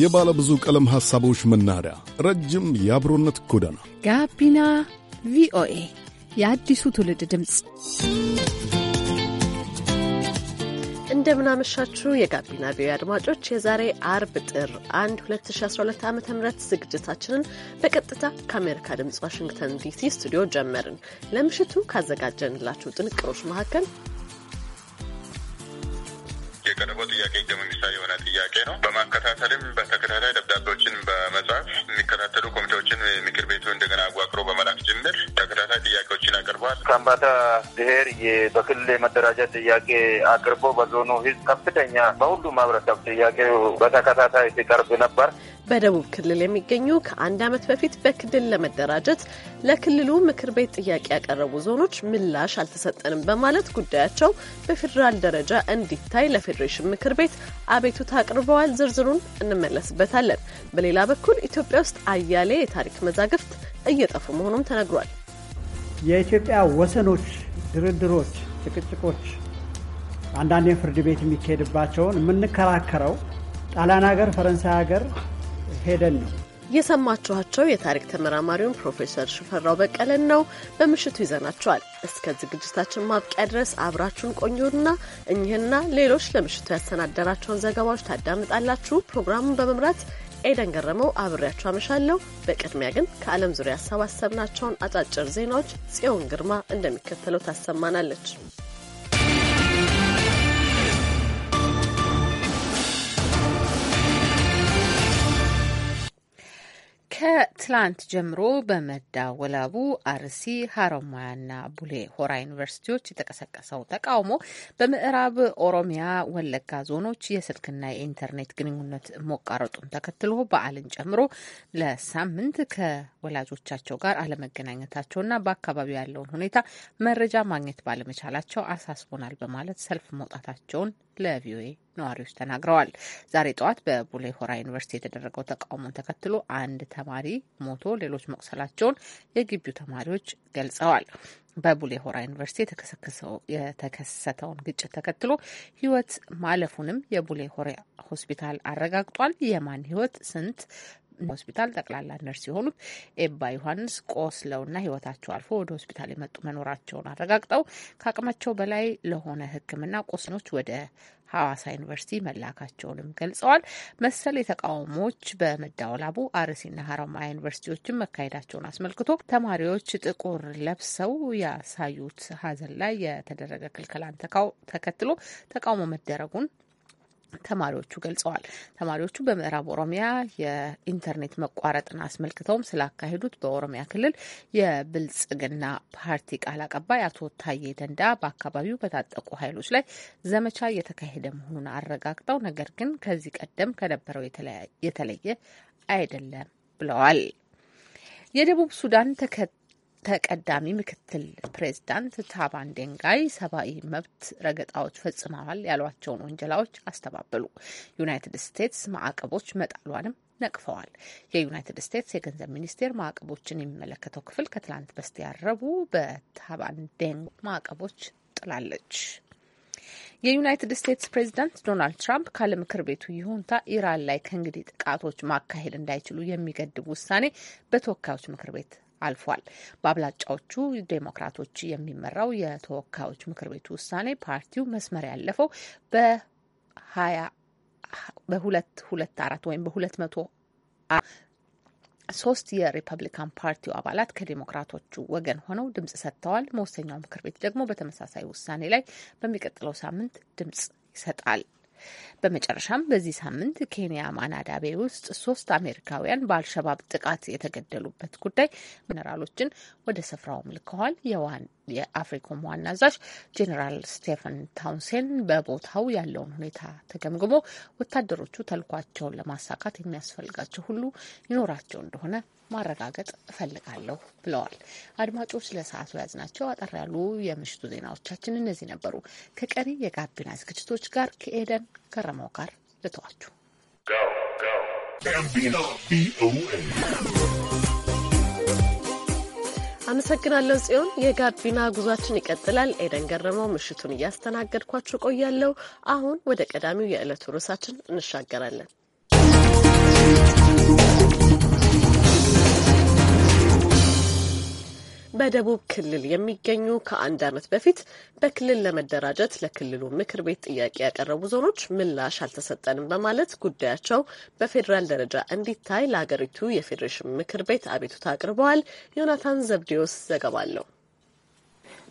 የባለ ብዙ ቀለም ሐሳቦች መናኸሪያ፣ ረጅም የአብሮነት ጎዳና ጋቢና ቪኦኤ የአዲሱ ትውልድ ድምፅ። እንደምናመሻችሁ የጋቢና ቪኦኤ አድማጮች፣ የዛሬ አርብ ጥር 1 2012 ዓ ም ዝግጅታችንን በቀጥታ ከአሜሪካ ድምፅ ዋሽንግተን ዲሲ ስቱዲዮ ጀመርን። ለምሽቱ ካዘጋጀንላችሁ ጥንቅሮች መካከል የቀረበው ጥያቄ ህገ መንግስታዊ የሆነ ጥያቄ ነው። በማከታተልም ጤና ደብዳቤዎችን በመጻፍ የሚከታተሉ ኮሚቴዎችን ምክር ቤቱ እንደገና አዋቅሮ በመላክ ጭምር ተከታታይ ጥያቄዎችን አቅርቧል። ከምባታ ብሔር በክልል የመደራጀት ጥያቄ አቅርቦ በዞኑ ህዝብ ከፍተኛ በሁሉም ማህበረሰብ ጥያቄ በተከታታይ ሲቀርብ ነበር። በደቡብ ክልል የሚገኙ ከአንድ ዓመት በፊት በክልል ለመደራጀት ለክልሉ ምክር ቤት ጥያቄ ያቀረቡ ዞኖች ምላሽ አልተሰጠንም በማለት ጉዳያቸው በፌዴራል ደረጃ እንዲታይ ለፌዴሬሽን ምክር ቤት አቤቱታ አቅርበዋል። ዝርዝሩን እንመለስበታለን። በሌላ በኩል ኢትዮጵያ ውስጥ አያሌ የታሪክ መዛግፍት እየጠፉ መሆኑም ተነግሯል። የኢትዮጵያ ወሰኖች ድርድሮች፣ ጭቅጭቆች አንዳንዴ ፍርድ ቤት የሚካሄድባቸውን የምንከራከረው ጣሊያን ሀገር፣ ፈረንሳይ ሀገር ሄደን ነው የሰማችኋቸው የታሪክ ተመራማሪውን ፕሮፌሰር ሽፈራው በቀለን ነው በምሽቱ ይዘናቸዋል። እስከ ዝግጅታችን ማብቂያ ድረስ አብራችሁን ቆዩና እኚህና ሌሎች ለምሽቱ ያሰናደራቸውን ዘገባዎች ታዳምጣላችሁ። ፕሮግራሙን በመምራት ኤደን ገረመው አብሬያችሁ አመሻለሁ። በቅድሚያ ግን ከዓለም ዙሪያ ያሰባሰብናቸውን አጫጭር ዜናዎች ጽዮን ግርማ እንደሚከተለው ታሰማናለች። ከትላንት ጀምሮ በመዳ ወላቡ፣ አርሲ፣ ሀረማያና ቡሌ ሆራ ዩኒቨርሲቲዎች የተቀሰቀሰው ተቃውሞ በምዕራብ ኦሮሚያ ወለጋ ዞኖች የስልክና የኢንተርኔት ግንኙነት መቋረጡን ተከትሎ በዓልን ጨምሮ ለሳምንት ከወላጆቻቸው ጋር አለመገናኘታቸውና በአካባቢው ያለውን ሁኔታ መረጃ ማግኘት ባለመቻላቸው አሳስቦናል በማለት ሰልፍ መውጣታቸውን ለቪኦኤ ነዋሪዎች ተናግረዋል። ዛሬ ጠዋት በቡሌ ሆራ ዩኒቨርሲቲ የተደረገው ተቃውሞን ተከትሎ አንድ ተማሪ ሞቶ ሌሎች መቁሰላቸውን የግቢው ተማሪዎች ገልጸዋል። በቡሌ ሆራ ዩኒቨርሲቲ የተከሰተውን ግጭት ተከትሎ ሕይወት ማለፉንም የቡሌ ሆራ ሆስፒታል አረጋግጧል። የማን ሕይወት ስንት ሆስፒታል ጠቅላላ ነርስ የሆኑት ኤባ ዮሐንስ ቆስለውና ህይወታቸው አልፎ ወደ ሆስፒታል የመጡ መኖራቸውን አረጋግጠው ከአቅማቸው በላይ ለሆነ ሕክምና ቆስኖች ወደ ሐዋሳ ዩኒቨርሲቲ መላካቸውንም ገልጸዋል። መሰል የተቃውሞዎች በመዳወላቡ አርሲና ሀረማያ ዩኒቨርሲቲዎችን መካሄዳቸውን አስመልክቶ ተማሪዎች ጥቁር ለብሰው ያሳዩት ሀዘን ላይ የተደረገ ክልከላን ተከትሎ ተቃውሞ መደረጉን ተማሪዎቹ ገልጸዋል። ተማሪዎቹ በምዕራብ ኦሮሚያ የኢንተርኔት መቋረጥን አስመልክተውም ስላካሄዱት በኦሮሚያ ክልል የብልጽግና ፓርቲ ቃል አቀባይ አቶ ታዬ ደንዳ በአካባቢው በታጠቁ ኃይሎች ላይ ዘመቻ እየተካሄደ መሆኑን አረጋግጠው ነገር ግን ከዚህ ቀደም ከነበረው የተለየ አይደለም ብለዋል። የደቡብ ሱዳን ተከ ተቀዳሚ ምክትል ፕሬዚዳንት ታባን ዴንጋይ ሰብአዊ መብት ረገጣዎች ፈጽመዋል ያሏቸውን ወንጀላዎች አስተባበሉ። ዩናይትድ ስቴትስ ማዕቀቦች መጣሏንም ነቅፈዋል። የዩናይትድ ስቴትስ የገንዘብ ሚኒስቴር ማዕቀቦችን የሚመለከተው ክፍል ከትላንት በስቲያ ረቡዕ በታባን ማዕቀቦች ጥላለች። የዩናይትድ ስቴትስ ፕሬዚዳንት ዶናልድ ትራምፕ ካለ ምክር ቤቱ ይሁንታ ኢራን ላይ ከእንግዲህ ጥቃቶች ማካሄድ እንዳይችሉ የሚገድብ ውሳኔ በተወካዮች ምክር ቤት አልፏል። በአብላጫዎቹ ዴሞክራቶች የሚመራው የተወካዮች ምክር ቤቱ ውሳኔ ፓርቲው መስመር ያለፈው በሀያ በሁለት ሁለት አራት ወይም በሁለት መቶ ሶስት የሪፐብሊካን ፓርቲው አባላት ከዴሞክራቶቹ ወገን ሆነው ድምጽ ሰጥተዋል። መወሰኛው ምክር ቤት ደግሞ በተመሳሳይ ውሳኔ ላይ በሚቀጥለው ሳምንት ድምጽ ይሰጣል። በመጨረሻም በዚህ ሳምንት ኬንያ ማናዳቤ ውስጥ ሶስት አሜሪካውያን በአልሸባብ ጥቃት የተገደሉበት ጉዳይ ጄኔራሎችን ወደ ስፍራው ልከዋል። የዋን የአፍሪኮም ዋና አዛዥ ጄኔራል ስቴፈን ታውንሴን በቦታው ያለውን ሁኔታ ተገምግሞ ወታደሮቹ ተልኳቸውን ለማሳካት የሚያስፈልጋቸው ሁሉ ይኖራቸው እንደሆነ ማረጋገጥ እፈልጋለሁ ብለዋል። አድማጮች ለሰዓቱ ያዝናቸው አጠር ያሉ የምሽቱ ዜናዎቻችን እነዚህ ነበሩ። ከቀሪ የጋቢና ዝግጅቶች ጋር ከኤደን ገረመው ጋር ልተዋችሁ። አመሰግናለሁ ጽዮን። የጋቢና ጉዟችን ይቀጥላል። ኤደን ገረመው ምሽቱን እያስተናገድኳችሁ ቆያለሁ። አሁን ወደ ቀዳሚው የዕለቱ ርዕሳችን እንሻገራለን። በደቡብ ክልል የሚገኙ ከአንድ ዓመት በፊት በክልል ለመደራጀት ለክልሉ ምክር ቤት ጥያቄ ያቀረቡ ዞኖች ምላሽ አልተሰጠንም በማለት ጉዳያቸው በፌዴራል ደረጃ እንዲታይ ለሀገሪቱ የፌዴሬሽን ምክር ቤት አቤቱታ አቅርበዋል። ዮናታን ዘብዴዎስ ዘገባ አለው።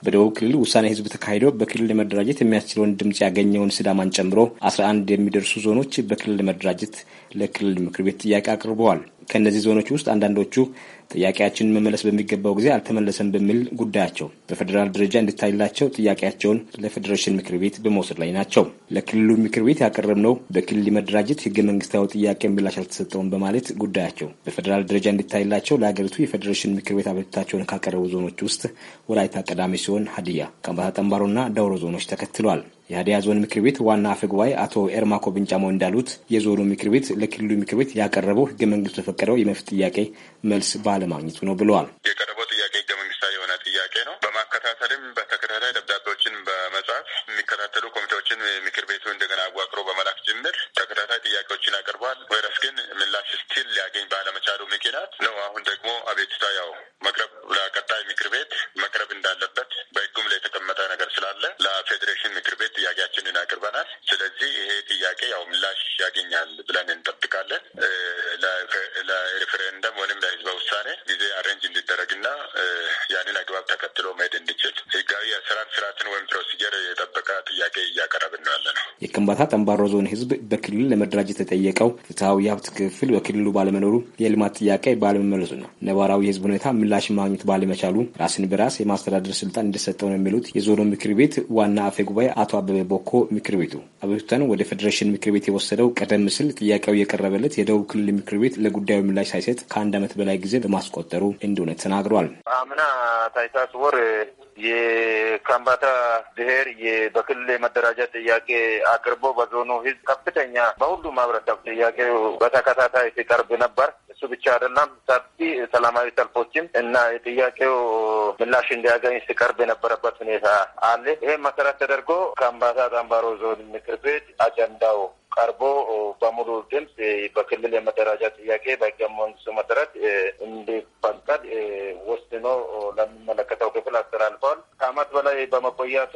በደቡብ ክልል ውሳኔ ህዝብ ተካሂዶ በክልል ለመደራጀት የሚያስችለውን ድምፅ ያገኘውን ስዳማን ጨምሮ አስራ አንድ የሚደርሱ ዞኖች በክልል ለመደራጀት ለክልል ምክር ቤት ጥያቄ አቅርበዋል። ከእነዚህ ዞኖች ውስጥ አንዳንዶቹ ጥያቄያችንን መመለስ በሚገባው ጊዜ አልተመለሰም በሚል ጉዳያቸው በፌዴራል ደረጃ እንዲታይላቸው ጥያቄያቸውን ለፌዴሬሽን ምክር ቤት በመውሰድ ላይ ናቸው። ለክልሉ ምክር ቤት ያቀረብነው በክልል የመደራጀት ህገ መንግስታዊ ጥያቄ ምላሽ አልተሰጠውም በማለት ጉዳያቸው በፌዴራል ደረጃ እንዲታይላቸው ለሀገሪቱ የፌዴሬሽን ምክር ቤት አቤቱታቸውን ካቀረቡ ዞኖች ውስጥ ወላይታ ቀዳሚ ሲሆን ሀዲያ፣ ከምባታ ጠንባሮና ዳውሮ ዞኖች ተከትሏል። የሀዲያ ዞን ምክር ቤት ዋና አፈጉባኤ አቶ ኤርማኮ ብንጫሞ እንዳሉት የዞኑ ምክር ቤት ለክልሉ ምክር ቤት ያቀረበው ህገ መንግስቱ የፈቀደው የመፍት ጥያቄ መልስ ባለማግኘቱ ነው ብለዋል። የቀረበው ጥያቄ ህገ መንግስታዊ የሆነ ጥያቄ ነው። በማከታተልም በተከታታይ ደብዳቤዎችን በመጻፍ የሚከታተሉ ኮሚቴዎችን ምክር ቤቱ እንደገና አዋቅሮ በመላክ ጭምር ተከታታይ ጥያቄዎችን ያቀርበዋል ወይረስ ግን ምላሽ ስቲል ሊያገኝ ባለመ የአምባሮ ዞን ህዝብ በክልል ለመደራጀት የተጠየቀው ፍትሐዊ የሀብት ክፍል በክልሉ ባለመኖሩ የልማት ጥያቄ ባለመመለሱ ነው። ነባራዊ የህዝብ ሁኔታ ምላሽ ማግኘት ባለመቻሉ ራስን በራስ የማስተዳደር ስልጣን እንደሰጠው ነው የሚሉት የዞኑ ምክር ቤት ዋና አፈ ጉባኤ አቶ አበበ ቦኮ ምክር ቤቱ አቤቱታን ወደ ፌዴሬሽን ምክር ቤት የወሰደው ቀደም ሲል ጥያቄው የቀረበለት የደቡብ ክልል ምክር ቤት ለጉዳዩ ምላሽ ሳይሰጥ ከአንድ ዓመት በላይ ጊዜ በማስቆጠሩ እንደሆነ ተናግሯል። አምና ወር የካምባታ ብሔር በክልል የመደራጀት ጥያቄ አቅርቦ በዞኑ ህዝብ ከፍተኛ በሁሉም ማህበረሰብ ጥያቄው በተከታታይ ሲቀርብ ነበር። እሱ ብቻ አይደለም፣ ሰፊ ሰላማዊ ሰልፎችን እና የጥያቄው ምላሽ እንዲያገኝ ሲቀርብ የነበረበት ሁኔታ አለ። ይህም መሰረት ተደርጎ ካምባታ ጠንባሮ ዞን ምክር ቤት አጀንዳው ቀርቦ በሙሉ ድምፅ በክልል የመደራጃ ጥያቄ በህገ መንግስቱ መሰረት እንዲፈቀድ ወስኖ ለሚመለከተው ክፍል አስተላልፈዋል። ከአመት በላይ በመቆያቱ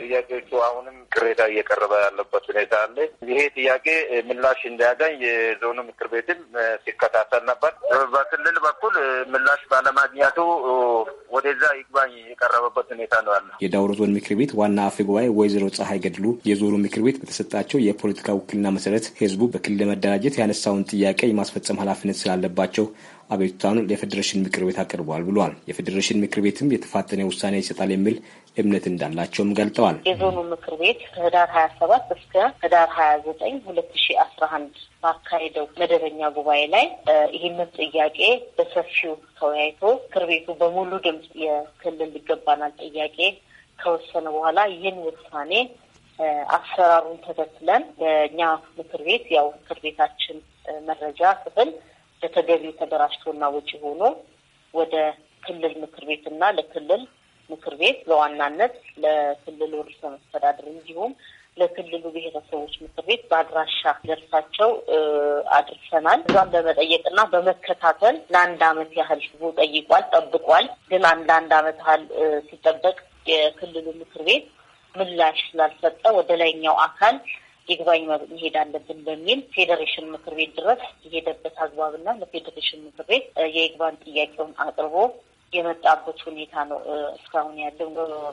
ጥያቄዎቹ አሁንም ቅሬታ እየቀረበ ያለበት ሁኔታ አለ። ይሄ ጥያቄ ምላሽ እንዲያገኝ የዞኑ ምክር ቤትም ሲከታተል ነበር። በክልል በኩል ምላሽ ባለማግኘቱ ወደዛ ይግባኝ የቀረበበት ሁኔታ ነው ያለ የዳውሮ ዞን ምክር ቤት ዋና አፈ ጉባኤ ወይዘሮ ፀሐይ ገድሉ የዞኑ ምክር ቤት በተሰጣቸው የፖለቲካ ውክል በሽምግልና መሰረት ህዝቡ በክልል ለመደራጀት ያነሳውን ጥያቄ የማስፈጸም ኃላፊነት ስላለባቸው አቤቱታን ለፌዴሬሽን ምክር ቤት አቅርቧል ብሏል። የፌዴሬሽን ምክር ቤትም የተፋጠነ ውሳኔ ይሰጣል የሚል እምነት እንዳላቸውም ገልጠዋል። የዞኑ ምክር ቤት ከህዳር ሀያ ሰባት እስከ ህዳር ሀያ ዘጠኝ ሁለት ሺ አስራ አንድ ባካሄደው መደበኛ ጉባኤ ላይ ይህንን ጥያቄ በሰፊው ተወያይቶ ምክር ቤቱ በሙሉ ድምፅ የክልል ይገባናል ጥያቄ ከወሰነ በኋላ ይህን ውሳኔ አሰራሩን ተከትለን በእኛ ምክር ቤት ያው ምክር ቤታችን መረጃ ክፍል በተገቢው ተደራጅቶና ወጪ ሆኖ ወደ ክልል ምክር ቤትና ለክልል ምክር ቤት በዋናነት ለክልሉ ርዕሰ መስተዳድር እንዲሁም ለክልሉ ብሔረሰቦች ምክር ቤት በአድራሻ ደርሳቸው አድርሰናል። እዛም በመጠየቅና በመከታተል ለአንድ አመት ያህል ጠይቋል፣ ጠብቋል። ግን አንድ አንድ አመት ያህል ሲጠበቅ የክልሉ ምክር ቤት ምላሽ ስላልሰጠ ወደ ላይኛው አካል ይግባኝ መሄድ አለብን በሚል ፌዴሬሽን ምክር ቤት ድረስ የሄደበት አግባብና ለፌዴሬሽን ምክር ቤት የይግባኝ ጥያቄውን አቅርቦ የመጣበት ሁኔታ ነው እስካሁን ያለው።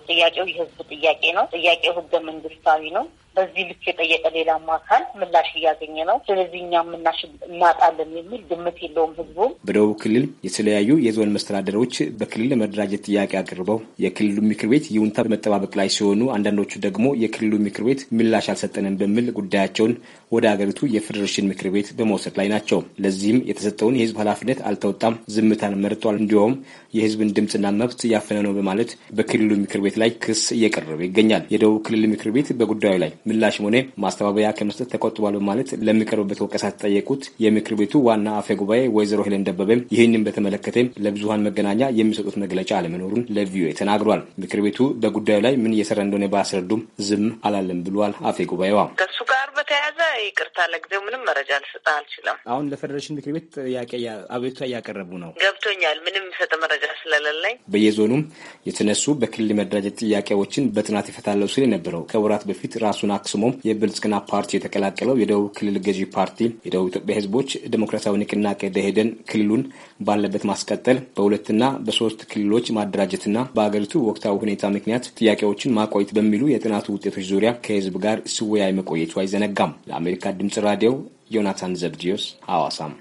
ጥያቄው የህዝብ ጥያቄ ነው። ጥያቄው ህገ መንግስታዊ ነው። በዚህ ልክ የጠየቀ ሌላም አካል ምላሽ እያገኘ ነው። ስለዚህ እኛ ምላሽ እናጣለን የሚል ግምት የለውም ህዝቡም። በደቡብ ክልል የተለያዩ የዞን መስተዳደሮች በክልል መደራጀት ጥያቄ አቅርበው የክልሉ ምክር ቤት ይሁንታ በመጠባበቅ ላይ ሲሆኑ፣ አንዳንዶቹ ደግሞ የክልሉ ምክር ቤት ምላሽ አልሰጠንም በሚል ጉዳያቸውን ወደ ሀገሪቱ የፌዴሬሽን ምክር ቤት በመውሰድ ላይ ናቸው። ለዚህም የተሰጠውን የህዝብ ኃላፊነት አልተወጣም፣ ዝምታን መርጧል፣ እንዲሁም የህዝብን ድምፅና መብት እያፈነ ነው በማለት በክልሉ ምክር ቤት ላይ ክስ እየቀረበ ይገኛል። የደቡብ ክልል ምክር ቤት በጉዳዩ ላይ ምላሽ ሆነ ማስተባበያ ከመስጠት ተቆጥቧል በማለት ለሚቀርብበት ወቀሳት ጠየቁት። የምክር ቤቱ ዋና አፈ ጉባኤ ወይዘሮ ሄለን ደበበም ይህንን በተመለከተ ለብዙሀን መገናኛ የሚሰጡት መግለጫ አለመኖሩን ለቪኦኤ ተናግሯል። ምክር ቤቱ በጉዳዩ ላይ ምን እየሰራ እንደሆነ ባያስረዱም ዝም አላለም ብሏል። አፌ ጉባኤዋ ከሱ ጋር በተያያዘ ይቅርታ ለጊዜው ምንም መረጃ ልሰጥ አልችልም። አሁን ለፌዴሬሽን ምክር ቤት ጥያቄ አቤቱታ እያቀረቡ ነው። ገብቶኛል። ምንም የሚሰጥ መረጃ ስለሌለኝ በየዞኑም የተነሱ በክልል መደራጀት ጥያቄዎችን በጥናት ይፈታለው ሲል የነበረው ከወራት በፊት ራሱን አክስሞም የብልጽግና ፓርቲ የተቀላቀለው የደቡብ ክልል ገዢ ፓርቲ የደቡብ ኢትዮጵያ ህዝቦች ዴሞክራሲያዊ ንቅናቄ ደኢህዴን ክልሉን ባለበት ማስቀጠል በሁለትና በሶስት ክልሎች ማደራጀትና በአገሪቱ ወቅታዊ ሁኔታ ምክንያት ጥያቄዎችን ማቆየት በሚሉ የጥናቱ ውጤቶች ዙሪያ ከህዝብ ጋር ሲወያይ መቆየቱ አይዘነጋም። ለአሜሪካ ድምጽ ራዲዮ ዮናታን ዘብድዮስ ሐዋሳም።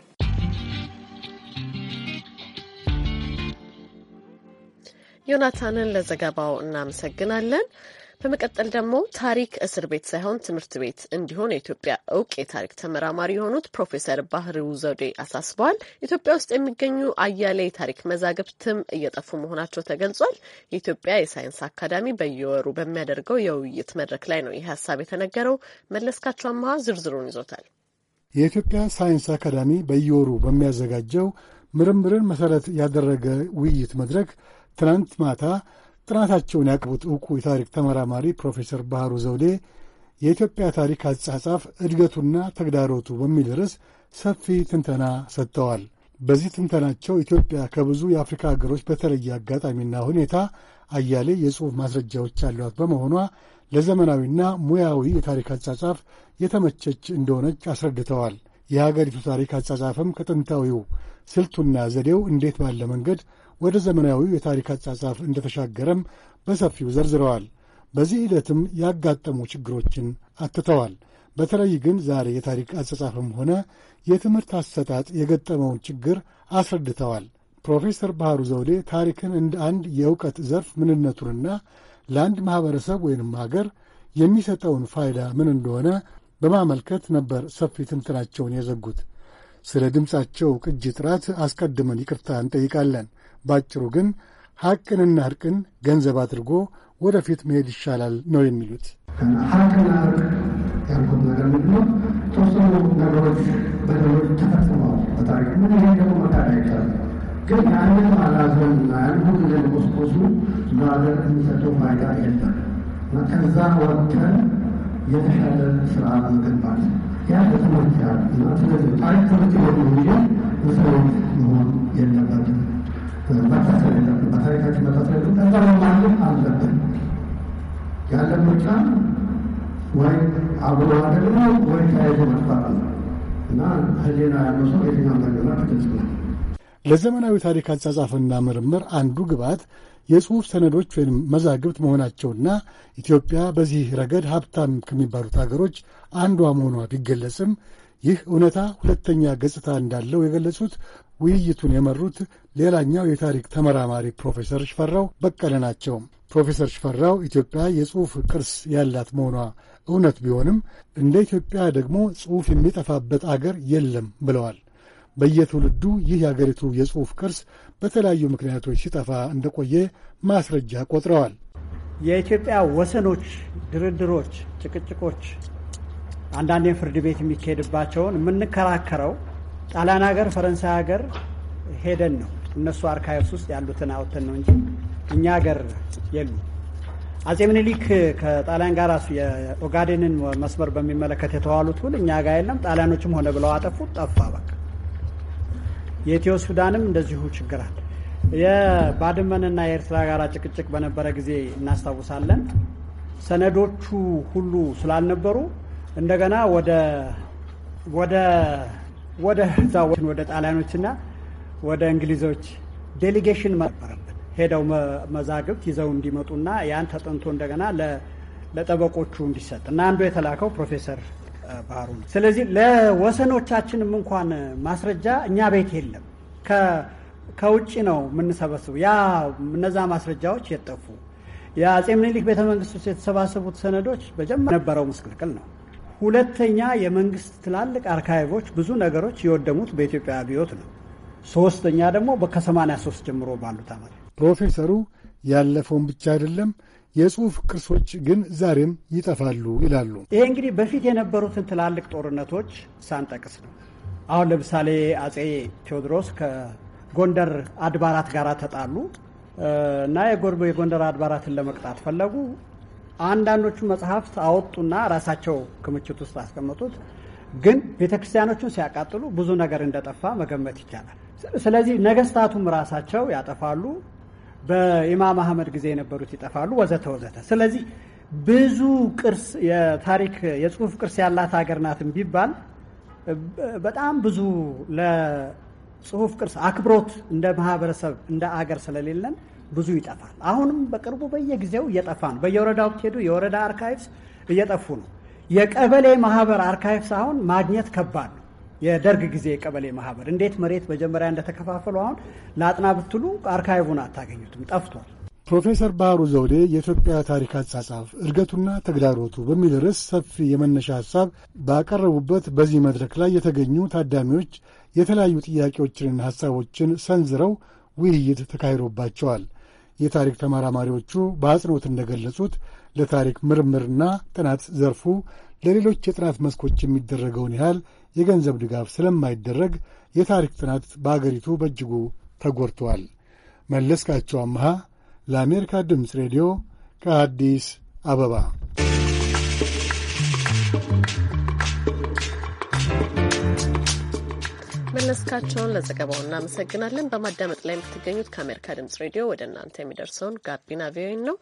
ዮናታንን ለዘገባው እናመሰግናለን። በመቀጠል ደግሞ ታሪክ እስር ቤት ሳይሆን ትምህርት ቤት እንዲሆን የኢትዮጵያ እውቅ የታሪክ ተመራማሪ የሆኑት ፕሮፌሰር ባህሪው ዘውዴ አሳስበዋል። ኢትዮጵያ ውስጥ የሚገኙ አያሌ የታሪክ መዛግብትም እየጠፉ መሆናቸው ተገልጿል። የኢትዮጵያ የሳይንስ አካዳሚ በየወሩ በሚያደርገው የውይይት መድረክ ላይ ነው ይህ ሀሳብ የተነገረው። መለስካቸው አመሀ ዝርዝሩን ይዞታል። የኢትዮጵያ ሳይንስ አካዳሚ በየወሩ በሚያዘጋጀው ምርምርን መሰረት ያደረገ ውይይት መድረክ ትናንት ማታ ጥናታቸውን ያቅቡት እውቁ የታሪክ ተመራማሪ ፕሮፌሰር ባህሩ ዘውዴ የኢትዮጵያ ታሪክ አጻጻፍ እድገቱና ተግዳሮቱ በሚል ርዕስ ሰፊ ትንተና ሰጥተዋል። በዚህ ትንተናቸው ኢትዮጵያ ከብዙ የአፍሪካ ሀገሮች በተለየ አጋጣሚና ሁኔታ አያሌ የጽሑፍ ማስረጃዎች ያሏት በመሆኗ ለዘመናዊና ሙያዊ የታሪክ አጻጻፍ የተመቸች እንደሆነች አስረድተዋል። የሀገሪቱ ታሪክ አጻጻፍም ከጥንታዊው ስልቱና ዘዴው እንዴት ባለ መንገድ ወደ ዘመናዊው የታሪክ አጻጻፍ እንደተሻገረም በሰፊው ዘርዝረዋል። በዚህ ሂደትም ያጋጠሙ ችግሮችን አትተዋል። በተለይ ግን ዛሬ የታሪክ አጻጻፍም ሆነ የትምህርት አሰጣጥ የገጠመውን ችግር አስረድተዋል። ፕሮፌሰር ባህሩ ዘውዴ ታሪክን እንደ አንድ የእውቀት ዘርፍ ምንነቱንና ለአንድ ማኅበረሰብ ወይንም ሀገር የሚሰጠውን ፋይዳ ምን እንደሆነ በማመልከት ነበር ሰፊ ትንትናቸውን የዘጉት። ስለ ድምፃቸው ቅጂ ጥራት አስቀድመን ይቅርታ እንጠይቃለን። ባጭሩ ግን ሐቅንና እርቅን ገንዘብ አድርጎ ወደፊት መሄድ ይሻላል ነው የሚሉት። ሐቅና እርቅ ያልኩት ነገር ተወሰኑ ነገሮች በደሎች ተፈጽመዋል በታሪክ ምን ይሄ ደግሞ መካድ አይቻልም። ግን ያንን አላዘንና ያንን ለንቆስቆሱ ለሀገር የሚሰጠው ፋይዳ የለም። ከዛ ወጥተን የተሻለ ስርዓት መገንባት ያ ያል ስለዚህ ታሪክ ትምህርት ቤት እንግዲህ መስሪያ መሆን የለበትም። መታሰር የለብን። በታሪካችን መታሰር የለብን። አለብን። ምርጫ ወይ አብሮ ወይ ተያይዞ መጥፋት ነው እና ያለው ሰው የትኛው ነው። ለዘመናዊ ታሪክ አጻጻፍና ምርምር አንዱ ግብዓት የጽሑፍ ሰነዶች ወይም መዛግብት መሆናቸውና ኢትዮጵያ በዚህ ረገድ ሀብታም ከሚባሉት አገሮች አንዷ መሆኗ ቢገለጽም ይህ እውነታ ሁለተኛ ገጽታ እንዳለው የገለጹት ውይይቱን የመሩት ሌላኛው የታሪክ ተመራማሪ ፕሮፌሰር ሽፈራው በቀለ ናቸው። ፕሮፌሰር ሽፈራው ኢትዮጵያ የጽሑፍ ቅርስ ያላት መሆኗ እውነት ቢሆንም እንደ ኢትዮጵያ ደግሞ ጽሑፍ የሚጠፋበት አገር የለም ብለዋል። በየትውልዱ ይህ የአገሪቱ የጽሑፍ ቅርስ በተለያዩ ምክንያቶች ሲጠፋ እንደቆየ ማስረጃ ቆጥረዋል። የኢትዮጵያ ወሰኖች፣ ድርድሮች፣ ጭቅጭቆች አንዳንዴም ፍርድ ቤት የሚካሄድባቸውን የምንከራከረው ጣሊያን ሀገር፣ ፈረንሳይ ሀገር ሄደን ነው እነሱ አርካይቭስ ውስጥ ያሉትን አውጥተን ነው እንጂ እኛ ሀገር የሉ። አጼ ምኒልክ ከጣሊያን ጋር ራሱ የኦጋዴንን መስመር በሚመለከት የተዋሉት ሁል እኛ ጋር የለም። ጣሊያኖችም ሆነ ብለው አጠፉት፣ ጠፋ በቃ። የኢትዮ ሱዳንም እንደዚሁ ችግር አለ። የባድመንና የኤርትራ ጋር ጭቅጭቅ በነበረ ጊዜ እናስታውሳለን። ሰነዶቹ ሁሉ ስላልነበሩ እንደገና ወደ ወደ ዛዎችን ወደ ጣሊያኖችና ወደ እንግሊዞች ዴሊጌሽን ነበረብን። ሄደው መዛግብት ይዘው እንዲመጡና ያን ተጠንቶ እንደገና ለጠበቆቹ እንዲሰጥ እና አንዱ የተላከው ፕሮፌሰር ባህሩ ነው። ስለዚህ ለወሰኖቻችንም እንኳን ማስረጃ እኛ ቤት የለም፣ ከውጭ ነው የምንሰበስበው። ያ እነዛ ማስረጃዎች የጠፉ የአጼ ምኒልክ ቤተመንግስት ውስጥ የተሰባሰቡት ሰነዶች በጀመር ነበረው ምስቅልቅል ነው። ሁለተኛ የመንግስት ትላልቅ አርካይቮች ብዙ ነገሮች የወደሙት በኢትዮጵያ አብዮት ነው። ሶስተኛ ደግሞ ከ83 ጀምሮ ባሉት ዓመት ፕሮፌሰሩ ያለፈውን ብቻ አይደለም የጽሑፍ ቅርሶች ግን ዛሬም ይጠፋሉ ይላሉ። ይሄ እንግዲህ በፊት የነበሩትን ትላልቅ ጦርነቶች ሳንጠቅስ ነው። አሁን ለምሳሌ አጼ ቴዎድሮስ ከጎንደር አድባራት ጋር ተጣሉ እና የጎንደር አድባራትን ለመቅጣት ፈለጉ። አንዳንዶቹ መጽሐፍት አወጡና ራሳቸው ክምችት ውስጥ አስቀመጡት። ግን ቤተክርስቲያኖቹን ሲያቃጥሉ ብዙ ነገር እንደጠፋ መገመት ይቻላል። ስለዚህ ነገስታቱም ራሳቸው ያጠፋሉ፣ በኢማም አህመድ ጊዜ የነበሩት ይጠፋሉ፣ ወዘተ ወዘተ። ስለዚህ ብዙ ቅርስ የታሪክ የጽሁፍ ቅርስ ያላት ሀገር ናትም ቢባል በጣም ብዙ ለጽሁፍ ቅርስ አክብሮት እንደ ማህበረሰብ እንደ አገር ስለሌለን ብዙ ይጠፋል። አሁንም በቅርቡ በየጊዜው እየጠፋ ነው። በየወረዳው ብትሄዱ የወረዳ አርካይቭስ እየጠፉ ነው። የቀበሌ ማህበር አርካይቭስ አሁን ማግኘት ከባድ ነው። የደርግ ጊዜ የቀበሌ ማህበር እንዴት መሬት መጀመሪያ እንደተከፋፈሉ አሁን ለአጥና ብትሉ አርካይቡን አታገኙትም፣ ጠፍቷል። ፕሮፌሰር ባህሩ ዘውዴ የኢትዮጵያ ታሪክ አጻጻፍ እድገቱና ተግዳሮቱ በሚል ርዕስ ሰፊ የመነሻ ሀሳብ ባቀረቡበት በዚህ መድረክ ላይ የተገኙ ታዳሚዎች የተለያዩ ጥያቄዎችንና ሀሳቦችን ሰንዝረው ውይይት ተካሂዶባቸዋል። የታሪክ ተመራማሪዎቹ በአጽንኦት እንደገለጹት ለታሪክ ምርምርና ጥናት ዘርፉ ለሌሎች የጥናት መስኮች የሚደረገውን ያህል የገንዘብ ድጋፍ ስለማይደረግ የታሪክ ጥናት በአገሪቱ በእጅጉ ተጎድተዋል። መለስካቸው አምሃ ለአሜሪካ ድምፅ ሬዲዮ ከአዲስ አበባ መለስካቸውን ለዘገባው እናመሰግናለን። በማዳመጥ ላይ የምትገኙት ከአሜሪካ ድምጽ ሬዲዮ ወደ እናንተ የሚደርሰውን ጋቢና ቪኦኤ ነው።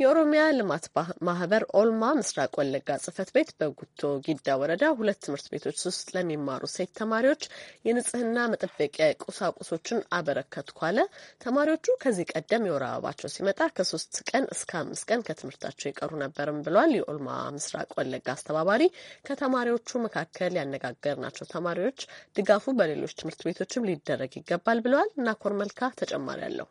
የኦሮሚያ ልማት ማህበር ኦልማ ምስራቅ ወለጋ ጽህፈት ቤት በጉቶ ጊዳ ወረዳ ሁለት ትምህርት ቤቶች ውስጥ ለሚማሩ ሴት ተማሪዎች የንጽህና መጠበቂያ ቁሳቁሶችን አበረከትኩ አለ። ተማሪዎቹ ከዚህ ቀደም የወር አበባቸው ሲመጣ ከሶስት ቀን እስከ አምስት ቀን ከትምህርታቸው ይቀሩ ነበርም ብሏል። የኦልማ ምስራቅ ወለጋ አስተባባሪ ከተማሪዎቹ መካከል ያነጋገርናቸው ተማሪዎች ድጋፉ በሌሎች ትምህርት ቤቶችም ሊደረግ ይገባል ብለዋል። ናኮር መልካ ተጨማሪ አለው።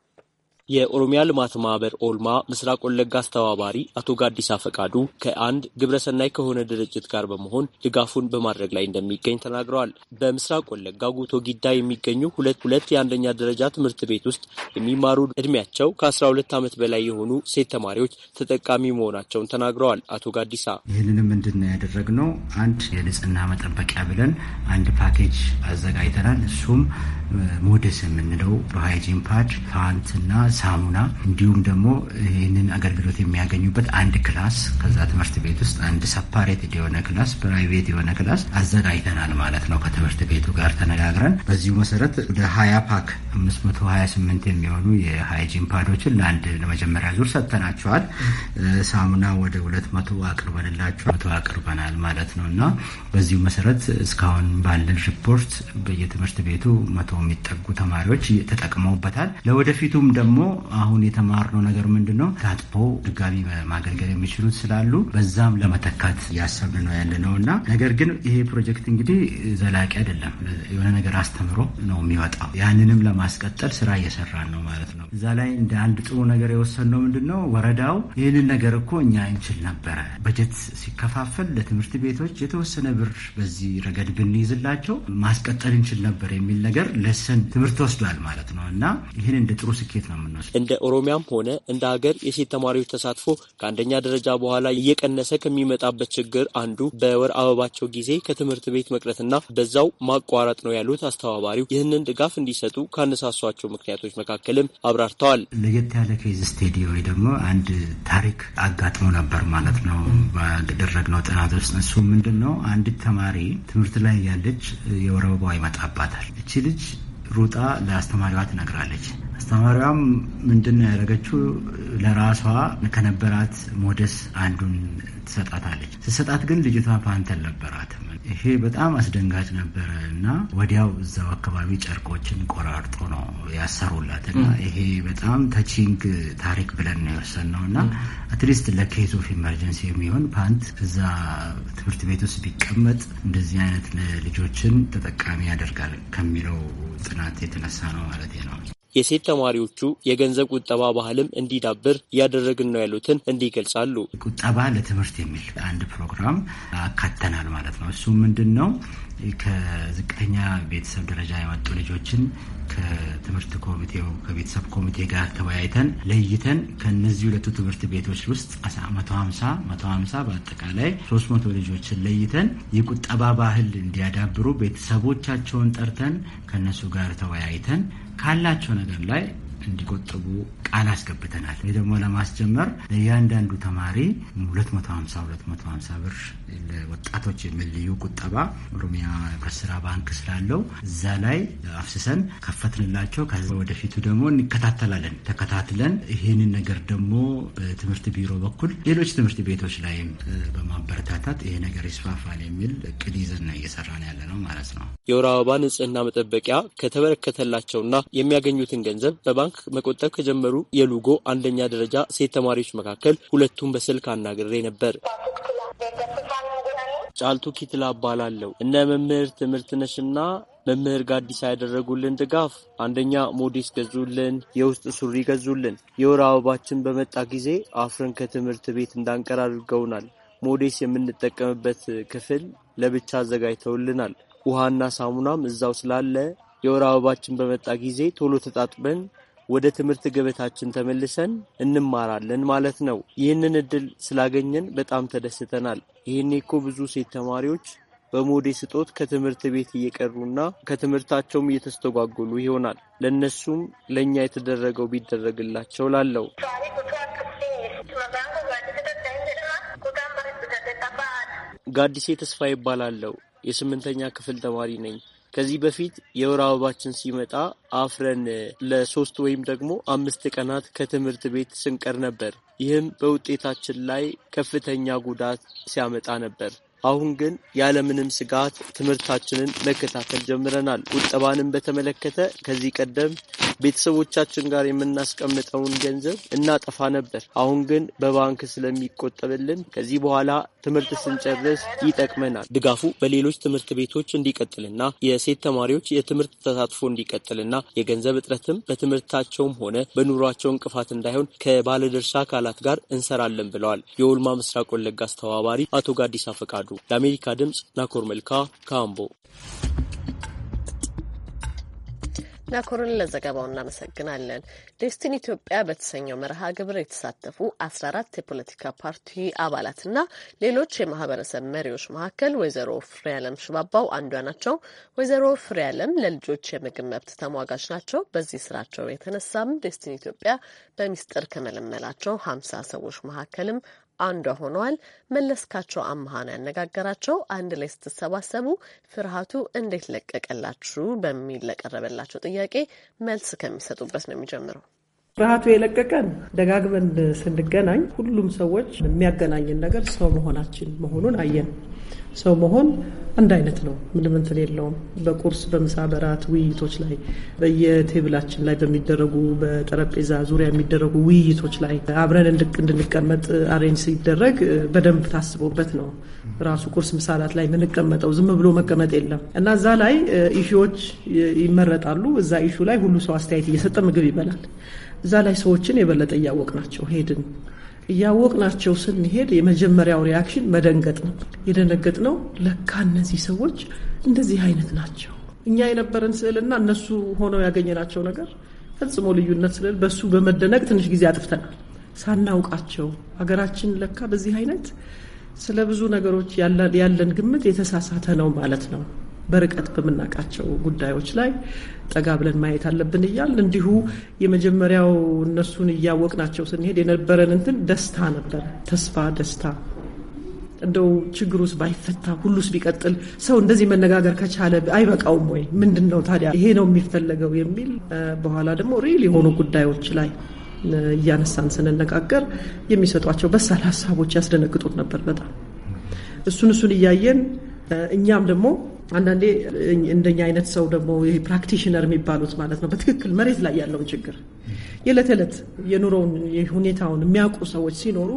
የኦሮሚያ ልማት ማህበር ኦልማ ምስራቅ ወለጋ አስተባባሪ አቶ ጋዲሳ ፈቃዱ ከአንድ ግብረሰናይ ከሆነ ድርጅት ጋር በመሆን ድጋፉን በማድረግ ላይ እንደሚገኝ ተናግረዋል። በምስራቅ ወለጋ ጉቶ ጊዳ የሚገኙ ሁለት ሁለት የአንደኛ ደረጃ ትምህርት ቤት ውስጥ የሚማሩ እድሜያቸው ከአስራ ሁለት ዓመት በላይ የሆኑ ሴት ተማሪዎች ተጠቃሚ መሆናቸውን ተናግረዋል። አቶ ጋዲሳ ይህንንም ምንድን ነው ያደረግነው አንድ የንጽህና መጠበቂያ ብለን አንድ ፓኬጅ አዘጋጅተናል። እሱም ሞደስ የምንለው በሃይጂን ፓድ፣ ፋንት ሳሙና እንዲሁም ደግሞ ይህንን አገልግሎት የሚያገኙበት አንድ ክላስ ከዛ ትምህርት ቤት ውስጥ አንድ ሰፓሬት የሆነ ክላስ፣ ፕራይቬት የሆነ ክላስ አዘጋጅተናል ማለት ነው። ከትምህርት ቤቱ ጋር ተነጋግረን በዚሁ መሰረት ወደ ሀያ ፓክ አምስት መቶ ሀያ ስምንት የሚሆኑ የሃይጂን ፓዶችን ለአንድ ለመጀመሪያ ዙር ሰጥተናቸዋል። ሳሙና ወደ ሁለት መቶ አቅርበንላቸው መቶ አቅርበናል ማለት ነው እና በዚሁ መሰረት እስካሁን ባለን ሪፖርት በየትምህርት ቤቱ መቶ የሚጠጉ ተማሪዎች ተጠቅመውበታል። ለወደፊቱም ደግሞ አሁን የተማርነው ነገር ምንድን ነው ታጥፎ ድጋሚ ማገልገል የሚችሉት ስላሉ በዛም ለመተካት እያሰብን ነው ያለ ነው እና ነገር ግን ይሄ ፕሮጀክት እንግዲህ ዘላቂ አይደለም። የሆነ ነገር አስተምሮ ነው የሚወጣው። ያንንም ለማስቀጠል ስራ እየሰራን ነው ማለት ነው። እዛ ላይ እንደ አንድ ጥሩ ነገር የወሰንነው ምንድን ነው ወረዳው ይህንን ነገር እኮ እኛ እንችል ነበረ። በጀት ሲከፋፈል ለትምህርት ቤቶች የተወሰነ ብር በዚህ ረገድ ብንይዝላቸው ማስቀጠል እንችል ነበር የሚል ነገር የሚለሰን ትምህርት ወስዷል ማለት ነው እና ይህን እንደ ጥሩ ስኬት ነው የምንወስድ። እንደ ኦሮሚያም ሆነ እንደ ሀገር የሴት ተማሪዎች ተሳትፎ ከአንደኛ ደረጃ በኋላ እየቀነሰ ከሚመጣበት ችግር አንዱ በወር አበባቸው ጊዜ ከትምህርት ቤት መቅረትና በዛው ማቋረጥ ነው ያሉት አስተባባሪው ይህንን ድጋፍ እንዲሰጡ ካነሳሷቸው ምክንያቶች መካከልም አብራርተዋል። ለየት ያለ ኬዝ ስቴዲ ወይ ደግሞ አንድ ታሪክ አጋጥሞ ነበር ማለት ነው ባደረግነው ጥናት ውስጥ እሱ ምንድን ነው አንድ ተማሪ ትምህርት ላይ ያለች የወር ይመጣባታል። እቺ ልጅ ሩጣ ለአስተማሪዋ ትነግራለች። አስተማሪዋም ምንድን ነው ያደረገችው? ለራሷ ከነበራት ሞደስ አንዱን ትሰጣታለች። ስትሰጣት ግን ልጅቷ ፓንተል ነበራትም ይሄ በጣም አስደንጋጭ ነበረ እና ወዲያው እዛው አካባቢ ጨርቆችን ቆራርጦ ነው ያሰሩላት እና ይሄ በጣም ተቺንግ ታሪክ ብለን ነው የወሰንነው እና አትሊስት ለኬዝ ኦፍ ኢመርጀንሲ የሚሆን ፓንት እዛ ትምህርት ቤት ውስጥ ቢቀመጥ እንደዚህ አይነት ልጆችን ተጠቃሚ ያደርጋል ከሚለው ጥናት የተነሳ ነው ማለት ነው። የሴት ተማሪዎቹ የገንዘብ ቁጠባ ባህልም እንዲዳብር እያደረግን ነው ያሉትን እንዲህ ይገልጻሉ። ቁጠባ ለትምህርት የሚል አንድ ፕሮግራም አካተናል ማለት ነው። እሱም ምንድን ነው? ከዝቅተኛ ቤተሰብ ደረጃ የመጡ ልጆችን ከትምህርት ኮሚቴው ከቤተሰብ ኮሚቴ ጋር ተወያይተን ለይተን ከነዚህ ሁለቱ ትምህርት ቤቶች ውስጥ 150 150 በአጠቃላይ 300 ልጆችን ለይተን የቁጠባ ባህል እንዲያዳብሩ ቤተሰቦቻቸውን ጠርተን ከነሱ ጋር ተወያይተን ካላቸው ነገር ላይ እንዲቆጥቡ ቃል አስገብተናል። ይህ ደግሞ ለማስጀመር ለእያንዳንዱ ተማሪ 250 250 ብር ለወጣቶች የሚል ቁጠባ ኦሮሚያ ህብረት ስራ ባንክ ስላለው እዛ ላይ አፍስሰን ከፈትንላቸው። ወደፊቱ ደግሞ እንከታተላለን። ተከታትለን ይህንን ነገር ደግሞ በትምህርት ቢሮ በኩል ሌሎች ትምህርት ቤቶች ላይም በማበረታታት ይሄ ነገር ይስፋፋል የሚል እቅድ ይዘን ነው እየሰራን ያለ ነው ማለት ነው። የወር አበባ ንጽህና መጠበቂያ ከተበረከተላቸውና የሚያገኙትን ገንዘብ በባንክ መቆጠብ ከጀመሩ የሉጎ አንደኛ ደረጃ ሴት ተማሪዎች መካከል ሁለቱን በስልክ አናግሬ ነበር። ጫልቱ ኪትላ እባላለሁ። እነ መምህር ነሽና መምህር ጋዲስ ያደረጉልን ድጋፍ አንደኛ ሞዴስ ገዙልን፣ የውስጥ ሱሪ ገዙልን። የወር አበባችን በመጣ ጊዜ አፍረን ከትምህርት ቤት እንዳንቀር አድርገውናል። ሞዴስ የምንጠቀምበት ክፍል ለብቻ አዘጋጅተውልናል። ውሃና ሳሙናም እዛው ስላለ የወር አበባችን በመጣ ጊዜ ቶሎ ተጣጥበን ወደ ትምህርት ገበታችን ተመልሰን እንማራለን ማለት ነው። ይህንን እድል ስላገኘን በጣም ተደስተናል። ይህኔ እኮ ብዙ ሴት ተማሪዎች በሞዴ ስጦት ከትምህርት ቤት እየቀሩና ከትምህርታቸውም እየተስተጓጎሉ ይሆናል። ለእነሱም ለእኛ የተደረገው ቢደረግላቸው ላለው ጋዲሴ ተስፋ ይባላለው። የስምንተኛ ክፍል ተማሪ ነኝ። ከዚህ በፊት የወር አበባችን ሲመጣ አፍረን ለሶስት ወይም ደግሞ አምስት ቀናት ከትምህርት ቤት ስንቀር ነበር። ይህም በውጤታችን ላይ ከፍተኛ ጉዳት ሲያመጣ ነበር። አሁን ግን ያለምንም ስጋት ትምህርታችንን መከታተል ጀምረናል። ቁጠባንም በተመለከተ ከዚህ ቀደም ቤተሰቦቻችን ጋር የምናስቀምጠውን ገንዘብ እናጠፋ ነበር። አሁን ግን በባንክ ስለሚቆጠብልን ከዚህ በኋላ ትምህርት ስንጨርስ ይጠቅመናል። ድጋፉ በሌሎች ትምህርት ቤቶች እንዲቀጥልና የሴት ተማሪዎች የትምህርት ተሳትፎ እንዲቀጥልና የገንዘብ እጥረትም በትምህርታቸውም ሆነ በኑሯቸው እንቅፋት እንዳይሆን ከባለድርሻ አካላት ጋር እንሰራለን ብለዋል የኦልማ ምስራቅ ወለጋ አስተባባሪ አቶ ጋዲስ አፈቃዱ። ያድርጉ። ለአሜሪካ ድምፅ ናኮር መልካ ካምቦ። ናኮርን ለዘገባው እናመሰግናለን። ዴስቲኒ ኢትዮጵያ በተሰኘው መርሃ ግብር የተሳተፉ አስራ አራት የፖለቲካ ፓርቲ አባላትና ሌሎች የማህበረሰብ መሪዎች መካከል ወይዘሮ ፍሬ አለም ሽባባው አንዷ ናቸው። ወይዘሮ አለም ለልጆች የምግብ መብት ተሟጋች ናቸው። በዚህ ስራቸው የተነሳም ዴስቲኒ ኢትዮጵያ በሚስጥር ከመለመላቸው ሀምሳ ሰዎች መካከልም አንዷ ሆነዋል። መለስካቸው አምሃን ያነጋገራቸው አንድ ላይ ስትሰባሰቡ ፍርሃቱ እንዴት ለቀቀላችሁ በሚል ለቀረበላቸው ጥያቄ መልስ ከሚሰጡበት ነው የሚጀምረው። ፍርሃቱ የለቀቀን ደጋግመን ስንገናኝ ሁሉም ሰዎች የሚያገናኝን ነገር ሰው መሆናችን መሆኑን አየን። ሰው መሆን አንድ አይነት ነው። ምንም እንትን የለውም። በቁርስ በምሳ በራት ውይይቶች ላይ በየቴብላችን ላይ በሚደረጉ በጠረጴዛ ዙሪያ የሚደረጉ ውይይቶች ላይ አብረን እንድንቀመጥ አሬንጅ ሲደረግ በደንብ ታስቦበት ነው ራሱ ቁርስ፣ ምሳላት ላይ የምንቀመጠው። ዝም ብሎ መቀመጥ የለም እና እዛ ላይ ኢሹዎች ይመረጣሉ። እዛ ኢሹ ላይ ሁሉ ሰው አስተያየት እየሰጠ ምግብ ይበላል። እዛ ላይ ሰዎችን የበለጠ እያወቅ ናቸው ሄድን። እያወቅናቸው ስንሄድ የመጀመሪያው ሪያክሽን መደንገጥ ነው። የደነገጥ ነው ለካ እነዚህ ሰዎች እንደዚህ አይነት ናቸው። እኛ የነበረን ስዕልና እነሱ ሆነው ያገኘናቸው ነገር ፈጽሞ ልዩነት ስልል በሱ በመደነቅ ትንሽ ጊዜ አጥፍተናል። ሳናውቃቸው ሀገራችን ለካ በዚህ አይነት ስለ ብዙ ነገሮች ያለን ግምት የተሳሳተ ነው ማለት ነው። በርቀት በምናውቃቸው ጉዳዮች ላይ ጠጋ ብለን ማየት አለብን እያል እንዲሁ የመጀመሪያው እነሱን እያወቅናቸው ስንሄድ የነበረን እንትን ደስታ ነበር። ተስፋ፣ ደስታ እንደው ችግሩስ ባይፈታ ሁሉስ ቢቀጥል ሰው እንደዚህ መነጋገር ከቻለ አይበቃውም ወይ? ምንድን ነው ታዲያ ይሄ ነው የሚፈለገው የሚል በኋላ ደግሞ ሪል የሆኑ ጉዳዮች ላይ እያነሳን ስንነጋገር የሚሰጧቸው በሳል ሀሳቦች ያስደነግጡት ነበር በጣም እሱን እሱን እያየን እኛም ደግሞ አንዳንዴ እንደኛ አይነት ሰው ደግሞ ፕራክቲሽነር የሚባሉት ማለት ነው በትክክል መሬት ላይ ያለውን ችግር የዕለት ዕለት የኑሮውን ሁኔታውን የሚያውቁ ሰዎች ሲኖሩ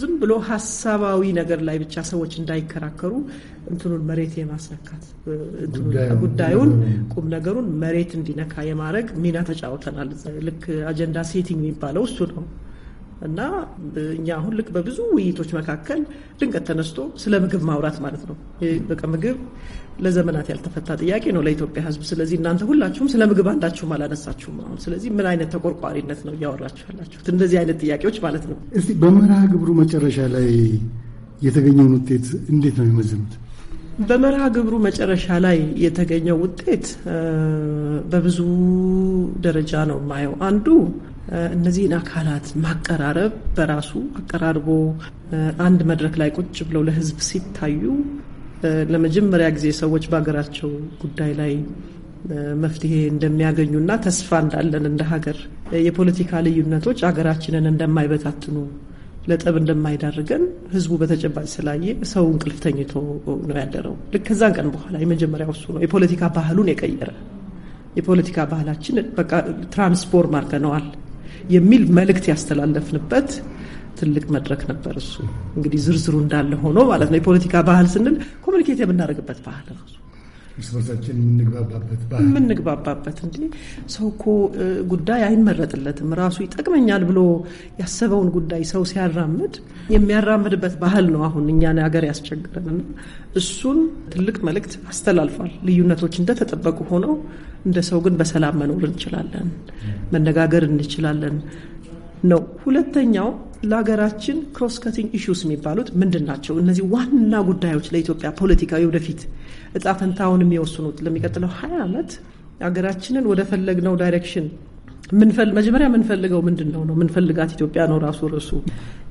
ዝም ብሎ ሀሳባዊ ነገር ላይ ብቻ ሰዎች እንዳይከራከሩ እንትኑን መሬት የማስነካት ጉዳዩን ቁም ነገሩን መሬት እንዲነካ የማድረግ ሚና ተጫውተናል። ልክ አጀንዳ ሴቲንግ የሚባለው እሱ ነው። እና እኛ አሁን ልክ በብዙ ውይይቶች መካከል ድንገት ተነስቶ ስለ ምግብ ማውራት ማለት ነው። በቃ ምግብ ለዘመናት ያልተፈታ ጥያቄ ነው ለኢትዮጵያ ሕዝብ። ስለዚህ እናንተ ሁላችሁም ስለ ምግብ አንዳችሁም አላነሳችሁም። አሁን ስለዚህ ምን አይነት ተቆርቋሪነት ነው እያወራችሁ ያላችሁት? እንደዚህ አይነት ጥያቄዎች ማለት ነው። እስቲ በመርሃ ግብሩ መጨረሻ ላይ የተገኘውን ውጤት እንዴት ነው የመዝኑት? በመርሃ ግብሩ መጨረሻ ላይ የተገኘው ውጤት በብዙ ደረጃ ነው የማየው። አንዱ እነዚህን አካላት ማቀራረብ በራሱ አቀራርቦ አንድ መድረክ ላይ ቁጭ ብለው ለሕዝብ ሲታዩ ለመጀመሪያ ጊዜ ሰዎች በሀገራቸው ጉዳይ ላይ መፍትሄ እንደሚያገኙና ተስፋ እንዳለን እንደ ሀገር የፖለቲካ ልዩነቶች ሀገራችንን እንደማይበታትኑ ለጠብ እንደማይዳርገን ህዝቡ በተጨባጭ ስላየ ሰው እንቅልፍ ተኝቶ ነው ያደረው። ልክ ከዛን ቀን በኋላ የመጀመሪያው እሱ ነው የፖለቲካ ባህሉን የቀየረ የፖለቲካ ባህላችን በቃ ትራንስፎርም አድርገነዋል የሚል መልእክት ያስተላለፍንበት ትልቅ መድረክ ነበር። እሱ እንግዲህ ዝርዝሩ እንዳለ ሆኖ ማለት ነው። የፖለቲካ ባህል ስንል ኮሚኒኬት የምናደርግበት ባህል ነው። እርስ በርሳችን የምንግባባበት የምንግባባበት እንዲ ሰው እኮ ጉዳይ አይመረጥለትም። ራሱ ይጠቅመኛል ብሎ ያሰበውን ጉዳይ ሰው ሲያራምድ የሚያራምድበት ባህል ነው አሁን እኛን ሀገር ያስቸግረንና እሱን ትልቅ መልእክት አስተላልፏል። ልዩነቶች እንደተጠበቁ ሆነው እንደ ሰው ግን በሰላም መኖር እንችላለን፣ መነጋገር እንችላለን ነው ሁለተኛው ለሀገራችን ክሮስ ከቲንግ ኢሹስ የሚባሉት ምንድን ናቸው? እነዚህ ዋና ጉዳዮች ለኢትዮጵያ ፖለቲካዊ ወደፊት እጣ ፈንታውን የሚወስኑት ለሚቀጥለው ሀያ ዓመት ሀገራችንን ወደ ፈለግነው ዳይሬክሽን መጀመሪያ የምንፈልገው ምንድን ነው ነው የምንፈልጋት ኢትዮጵያ ነው ራሱ ርዕሱ።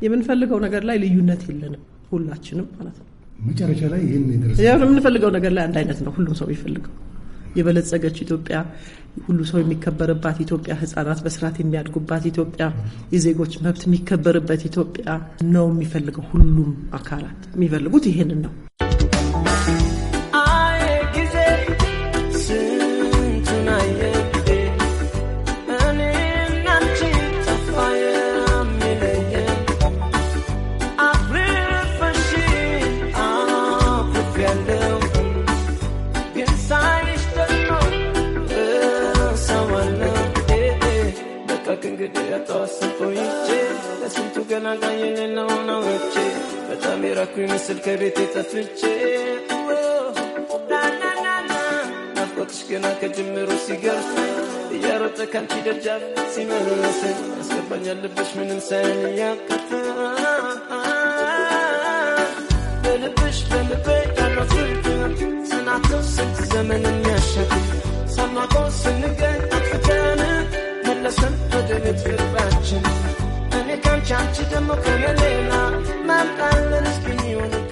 የምንፈልገው ነገር ላይ ልዩነት የለንም ሁላችንም ማለት ነው። መጨረሻ ላይ የምንፈልገው ነገር ላይ አንድ አይነት ነው። ሁሉም ሰው የሚፈልገው የበለጸገች ኢትዮጵያ፣ ሁሉ ሰው የሚከበርባት ኢትዮጵያ፣ ህጻናት በስርዓት የሚያድጉባት ኢትዮጵያ፣ የዜጎች መብት የሚከበርበት ኢትዮጵያ ነው የሚፈልገው። ሁሉም አካላት የሚፈልጉት ይሄንን ነው። ፍለጋ የሌለው ነው እቼ በጣም የራኩ ምስል ከቤት የጠፍቼ ናፍቆትሽ ገና ከጅምሩ ሲገርስ እያሮጠ ካንቺ ደጃፍ ሲመለስ ያስገባኝ ልብሽ ምንም ሳይን እያቀተ በልብሽ በልቤ ያለው ፍቅር ስናተው ስንት ዘመን የሚያሸክም ሳናውቀው ስንገኝ አጥፍተን መለሰን ወደ ቤት ፍርባችን trying to look at Elena, man, I'm gonna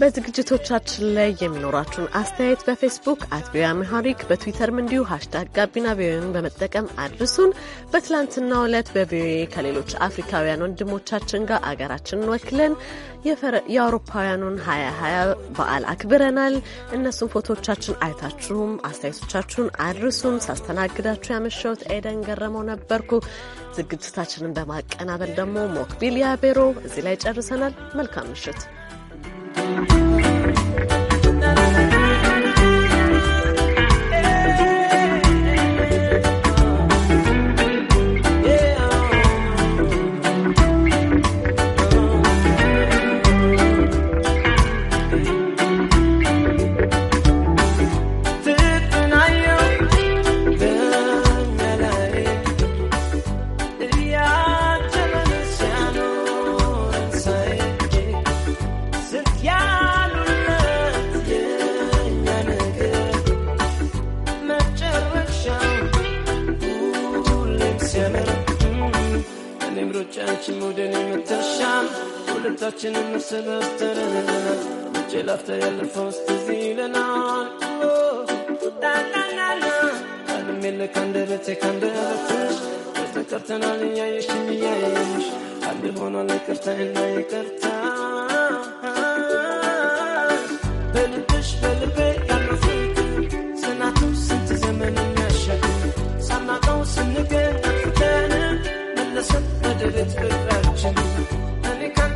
በዝግጅቶቻችን ላይ የሚኖራችሁን አስተያየት በፌስቡክ አት ቪኦኤ አምሃሪክ በትዊተርም እንዲሁ ሀሽታግ ጋቢና ቪኦኤን በመጠቀም አድርሱን። በትላንትናው ዕለት በቪኦኤ ከሌሎች አፍሪካውያን ወንድሞቻችን ጋር አገራችንን ወክለን የአውሮፓውያኑን ሀያ በዓል አክብረናል። እነሱን ፎቶዎቻችን አይታችሁም፣ አስተያየቶቻችሁን አድርሱን። ሳስተናግዳችሁ ያመሸሁት ኤደን ገረመው ነበርኩ። ዝግጅታችንን በማቀናበል ደግሞ ሞክቢል ያቤሮ። እዚህ ላይ ጨርሰናል። መልካም ምሽት። you ሁለታችንም እርስ በርስ ተረድተናል። ውጭ ያለፈው ትዝ ይለናል። ቀንም የለ ካንደበቴ ካንደበትሽ ተቀርተናል እያየሽኝ እያየሽ አንድ ሆኗል ይቅርታ እና ይቅርታ